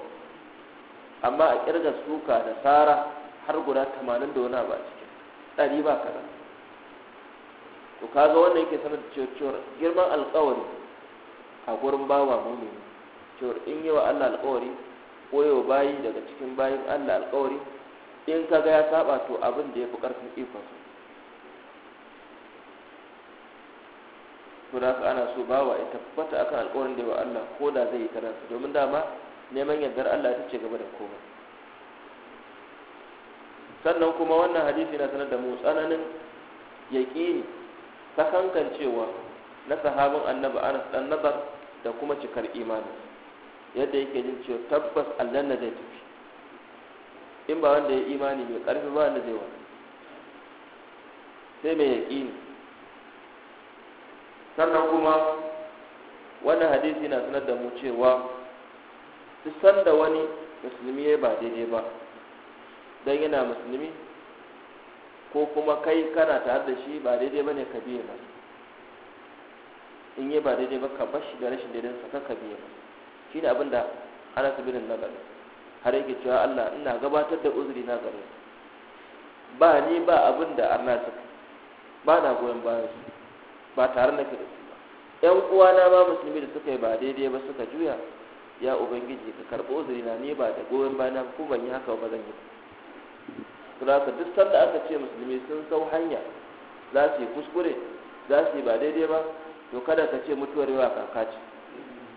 amma a kirga suka da tsara har guda tamanin da wani ba a cikin ɗari ba kaɗan to kaga wannan yake sanar da cewar girman alkawari a gurin bawa mumini cewar in yi wa allah alkawari ko bayi daga cikin bayin allah alkawari in kaga ya saba to abin da ya fi ƙarfin ikon su da ana so ba bawa ita tabbata akan alƙawarin da ya wa Allah ko da zai yi karansa domin dama neman yardar Allah ta ce gaba da komai sannan kuma wannan hadisi na sanar da mu tsananin yaƙini ta sakankancewa na sahabin annabi Anas dan da kuma cikar imani yadda yake jin cewa tabbas na zai tafi in ba wanda ya imani mai karfi ba wanda zai wa sai mai yaƙini sannan kuma wannan hadisi na sanar da mu cewa duk sanda wani musulmi ya ba daidai ba don yana musulmi ko kuma kai kana tare da shi ba daidai ba ne ka biye ba in yi ba daidai ba ka bar shi da rashin daidai ba ka biye ba shi ne abin da ana sabirin na gaba har yake cewa Allah ina gabatar da uzuri na gare ba ni ba abin da arna ta ba na goyon bayan su ba tare na kira su ba ƴan uwana ba musulmi da suka yi ba daidai ba suka juya ya ubangiji ka karɓi uzuri na ni ba da goyon bayan ko ban yi haka ba zan yi ba ka duk sanda aka ce musulmi sun sau hanya za su yi kuskure za su yi ba daidai ba to kada ka ce mutuwar yawa kaka ce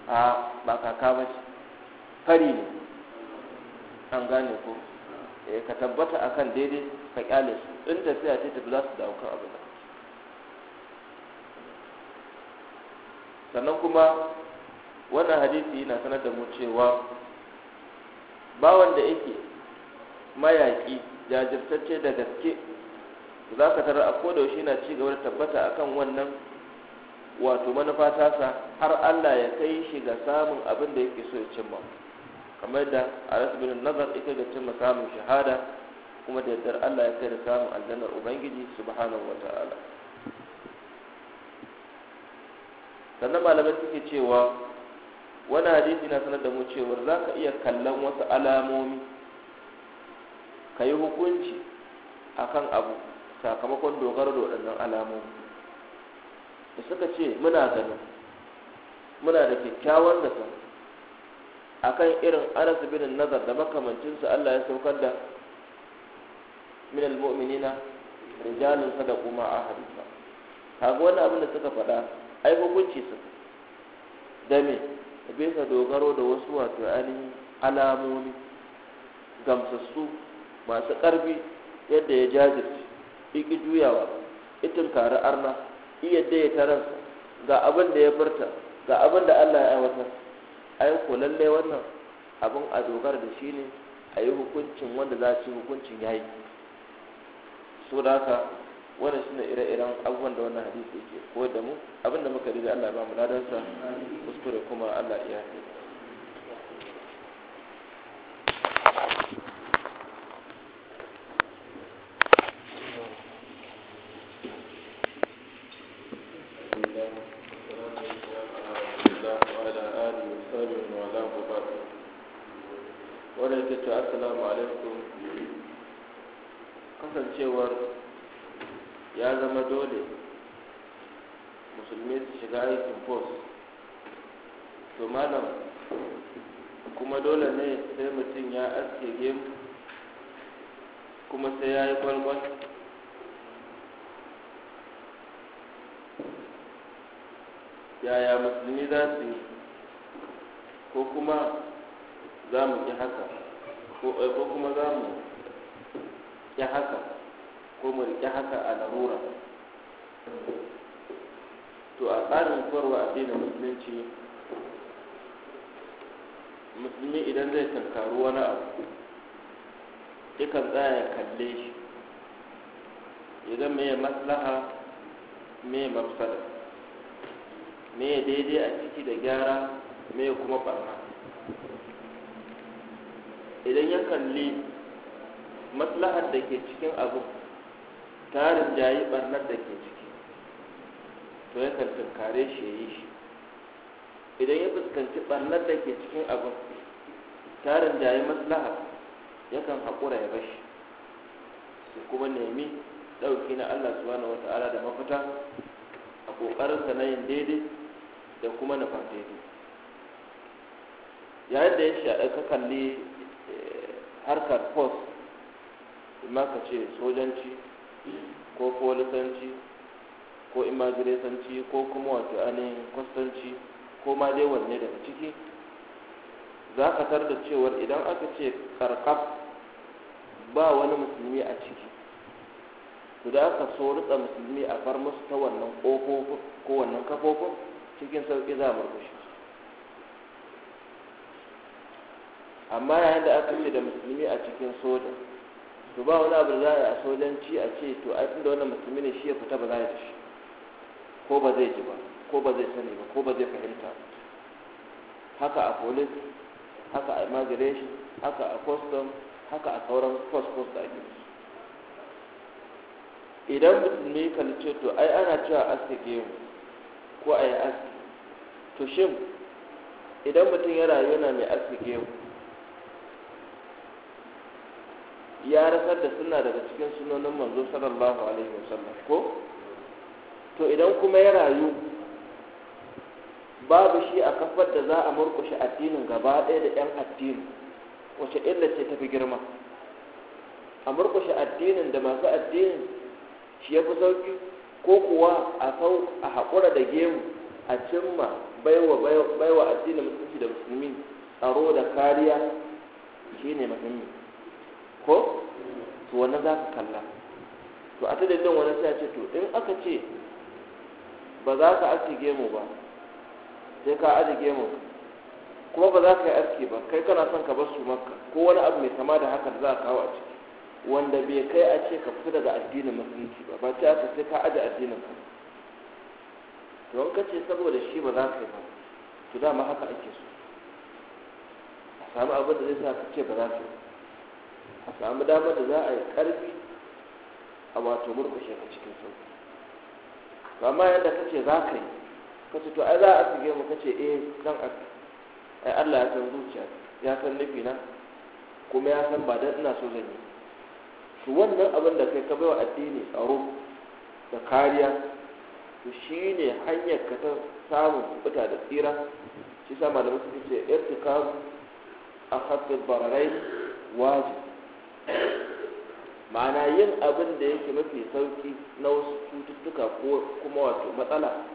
a ba kaka ba ce fari ne an gane ko eh, ka tabbata akan daidai ka kyale su in tafiya ce tafi za da aukan abu sannan kuma wannan hadisi yana sanar da mu cewa bawan da yake mayaƙi jajirtacce da gaske za ka tarar a kodayaushe na ci gaba da tabbata akan wannan wato manufa tasa har Allah ya kai shi ga samun abin da yake so ya cimma kamar da a rasbin nazar ita ga cin makamin shahada kuma da yardar Allah ya kai da samun aljannar ubangiji subhanahu wataala sannan malamai suke cewa wani hadisi na sanar da mu cewar za ka iya kallon wasu alamomi ka yi hukunci a kan abu sakamakon dogaro da waɗannan alamomi da suka ce muna ganin muna da kyakkyawan da sanar akan irin anas bin nazar da su Allah ya saukar da min almu'minina rijalun sadaqu ma ahadisa kaga wannan abin da suka faɗa ai hukunci su da me bisa dogaro da wasu wato ainihin alamomi gamsassu masu ƙarfi yadda ya jajirce iki juyawa itin kare arna iya da ya taransa ga abin da ya furta ga abin da Allah ya aiwatar ai ko lalle wannan abin a dogara da shi ne a yi hukuncin wanda za su hukuncin ya yi so da haka wani su ne ire-iren abubuwan da wannan hadisi yake ko da mu abinda muka riga Allah ba mu ladansa kuskure kuma Allah ya yi sai ya yi kwalkwal yaya musulmi za su yi ko kuma za mu ƙi haka ko eh, kuma za mu ƙi haka ko mu riƙe haka a larura to a tsarin korwa addinin musulunci musulmi idan zai tankaru wani abu dukan tsaya ya kalle shi idan mai maslaha mai mafsada mai daidai a ciki da gyara mai kuma barna idan ya kalli maslahar da ke cikin abu tarin jayi barnar da ke ciki to ya kare shi ya yi shi idan ya fuskanci barnar da ke cikin abu tarin jayi maslahar yakan haƙura ya bashi ya kuma nemi ɗauki na Allah subhanahu wata'ala da mafita a ƙoƙarinsa na yin daidai da kuma na daidai yayin da ya shaɗa ka kalli eh, harkar post ima ka ce sojanci ko folisanci ko imagiresanci ko kuma wato ainihin kwastanci ko ma dai wanne daga ciki za ka tar da cewar idan aka ce karkaf ba wani musulmi a ciki to da aka so rutsa musulmi a far musu ta wannan ƙofofin ko wannan kafofin cikin sauƙi za a murkushe amma yayin da aka ce da musulmi a cikin soja to ba wani abu da za a sojanci a ce to a inda wannan musulmi ne shi ya fita ba za ya da shi ko ba zai ji ba ko ba zai sani ba ko ba zai fahimta haka a police haka a immigration haka a custom haka a sauran kwas-kwas da ake su idan musulmi ce to ai ana cewa aske gemu ko a yi aski to shin idan mutum ya rayu yana mai aski gemu ya rasar da suna daga cikin sunonin manzo sallallahu alaihi wasallam ko to idan kuma ya rayu babu shi a kafar da za a murkushe addinin gaba ɗaya da 'yan addini wace illa ce ta fi girma a murkushe addinin da masu addinin shi ya fi sauki ko kuwa a sau a haƙura da gemu a cimma baiwa baiwa addinin musulunci da musulmi tsaro da kariya shi ne muhimmi ko to wannan za ka kalla to a ta dalilin wani sai ce to in aka ce ba za ka ake gemu ba sai ka aji gemu kuma ba za ka yi aski ba kai kana son ka bar su makka ko wani abu mai kama da haka za a kawo a ciki wanda bai kai a ce ka fita daga addinin musulunci ba ba ce aka sai ka aje addinin ka to an kace saboda shi ba za ka yi ba to dama haka ake so a samu abin da zai sa ka ce ba za ka yi a samu damar da za a yi karfi a wato murkushe ka cikin sauki ba ma yadda ka ce za ka yi ka ce to ai za a asige mu ce eh zan asige ai Allah ya san zuciya ya san nufi na kuma ya san ba dan ina so zan yi to wannan abin da kai ka wa addini tsaro da kariya to shine hanyar ka ta samun kubuta da tsira shi sa malamu suka ce irtikab akhadul bararai wajib ma'ana yin abin da yake mafi sauki na wasu cututtuka ko kuma wato matsala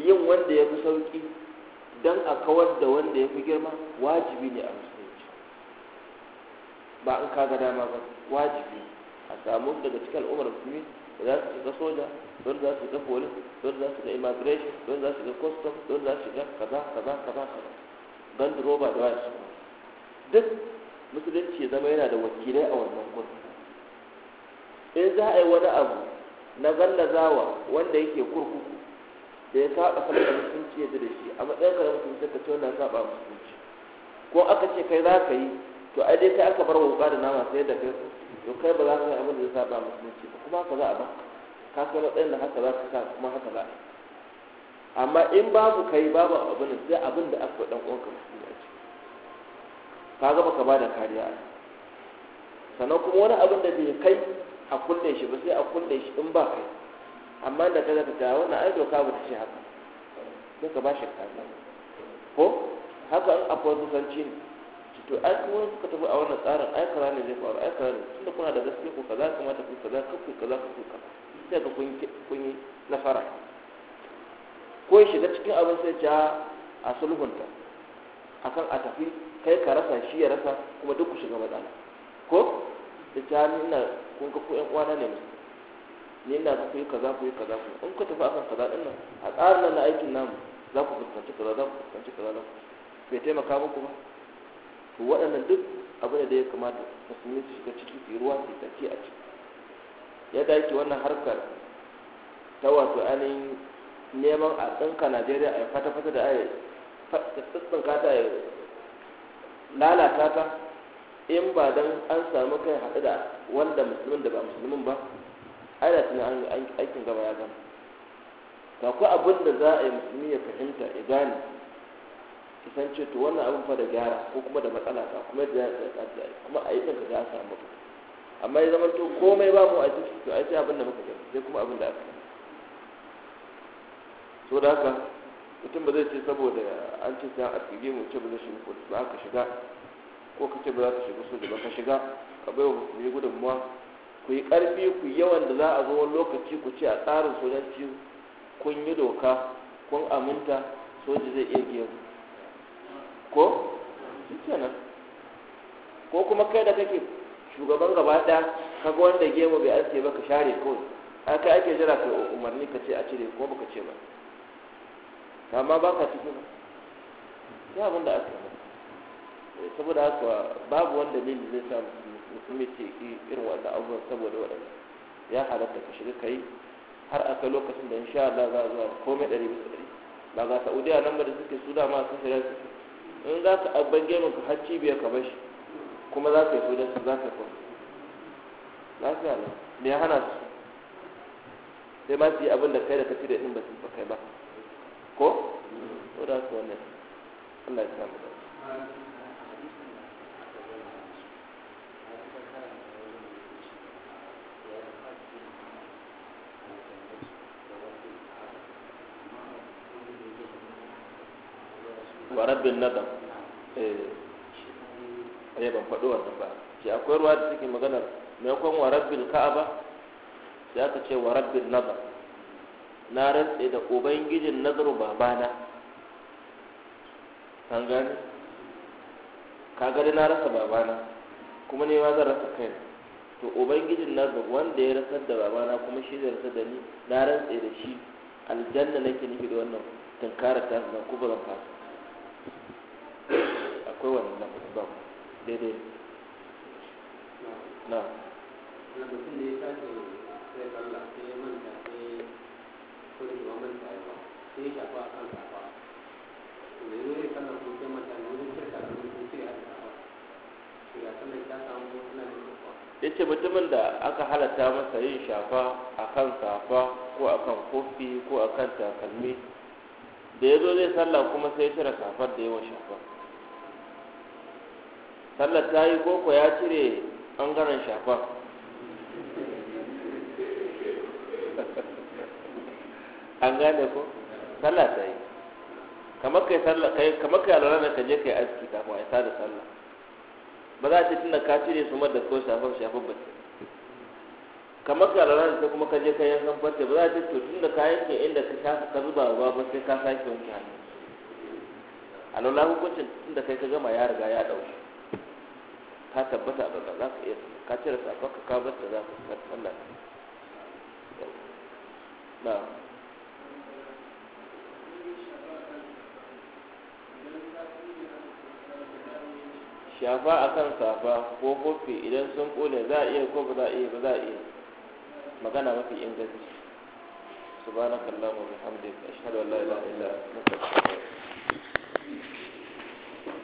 yin wanda ya fi sauki don a kawar da wanda ya fi girma wajibi ne a musulunci ba an kaga dama ba wajibi a samu daga cikin al'ummar musulmi da za su shiga soja don za su shiga polis don za su shiga immigration don za su shiga custom don za su shiga kaza kaza kaza kaza don roba da wasu su duk musulunci ya zama yana da wakilai a wannan gurin in za a yi wani abu na zallazawa wanda yake kurkuku da ya saba farkar mutunci ya da shi a matsayin ka mutunci musulunci ka ce wannan saba mutunci ko aka ce kai za ka yi to ai dai kai aka bar wa ba da nama sai da kai to kai ba za ka yi abin da ya saba mutunci ba kuma haka za a ba ka kai matsayin da haka za ka sa kuma haka za a yi amma in babu kai babu abin sai abin da aka dan uwanka musulunci a ce ka gaba ka ba da kariya a sannan kuma wani abin da bai kai a kulle shi ba sai a kulle shi in ba kai amma da kaga ta tawo na ai doka ba ta ce haka duka ba shi kaza ko haka an akwai kusanci ne to ai kuma suka tafi a wannan tsarin ai kaza ne zai faru ai kaza ne tunda kuna da gaske ko kaza kamata ku kaza ku kaza ku kaza sai ka kun kun yi nasara ko ya shiga cikin abin sai ja ah, a sulhunta akan a tafi kai ka rasa shi ya rasa kuma duk ku shiga matsala ko da ta ah, nuna kun ga ku ƴan uwana ne musu ne ina za ku yi kaza ku yi kaza ku in ku tafi akan kaza dinnan a tsarin na aikin namu za ku fuskanci kaza za ku fuskanci kaza za ku bai taimaka muku ba to waɗannan duk abu da ya kamata musulmi su shiga ciki su yi ruwa su tsaki a ciki ya dace wannan harkar ta wato ainihin neman a tsinka najeriya a yi fata-fata da aya tsinka ta ya lalata ta in ba don an samu kai haɗu da wanda musulmin da ba musulmin ba ai su ne aikin gaba ya gama to ku abin da za a yi musulmi ya fahimta ya gane kisan ce to wannan abin fa da gyara ko kuma da matsala ta kuma da ya tsaya kuma a yi ka za a samu mutu amma ya zama to komai ba mu a yi to a yi abin da muka gani sai kuma abin da aka so da haka mutum ba zai ce saboda an ce sa a tsige mu ce ba zai shiga ko ba aka shiga ko ce ba za ka shiga so da ba ka shiga ka bai wa musulmi gudunmuwa ku yi ƙarfi ku yawan da za a zo wani lokaci ku ce a tsarin sojanci kun yi doka kun aminta soji zai iya biyan ko shi kenan ko kuma kai da kake shugaban gaba ɗaya kaga wanda gemu bai aske ba ka share kawai aka ake jira ka umarni ka ce a cire ko baka ce ba amma ba ka cikin ya abin da aka yi eh, saboda haka babu wanda lili zai samu mutum yake irin wanda abubuwan saboda waɗanda ya halatta ka shiga kai har aka lokacin da insha Allah za a zuwa komai ɗari bisa ɗari ba ga Saudiya nan ba da suke su dama a shirya su in za ka abban gemu ka har cibiyar ka bashi kuma za ka yi su da su za ka yi kuma lafiya ne me ya hana su sai ma su yi abin da kai da ka cire ɗin ba su ba kai ba ko? ko da su wannan Allah ya samu da wa rabbin nadam eh, eh ban faɗi wannan ba ce akwai ruwa da take magana maimakon wa rabbin ka'aba sai aka ce wa rabbin nadam na rantsa da ubangijin nazaru babana an gane ka gani na rasa babana kuma ne ma zan rasa kaina to ubangijin nazaru wanda ya rasar da babana kuma shi zai rasa da ni na rantsa da shi aljanna nake nufi da wannan tunkarar ta zan kuma zan fasa akwai wannan ba daidai na mutum ya sai sai ya manta sai manta ya ba sai ya shafa a kan da yanzu ko sai manta ne sai ya to ya ta samu da ya ce mutumin da aka halatta masa yin shafa a kan safa ko a kan kofi ko a kan takalmi da ya zo zai sallah kuma sai ya cire safar da yawan shafar sallar ta yi koko ya cire ɓangaren shafar (laughs) an gane ko sallah ta yi kamar kai sallah kai kamar kai ka je kai aski kafin a da sallah ba za a ce tunda ka cire su mada ko shafar shafar ba ce kamar ka rana da kuma ka je ka yankan farce ba za ta to tun da ka yanke inda ka shafa ka zuba ba ba sai ka sake wanke hannu a lola hukuncin tun da kai ka gama ya riga ya ɗauki ka tabbata ba za ka iya ka cire safa ka ka bar da za ka ka sallah na shafa kan safa ko kofi idan sun kone za a iya ko ba za a iya ba za a iya magana mafi inganci subhanakallahumma wa bihamdika ashhadu an la ilaha illa anta astaghfiruka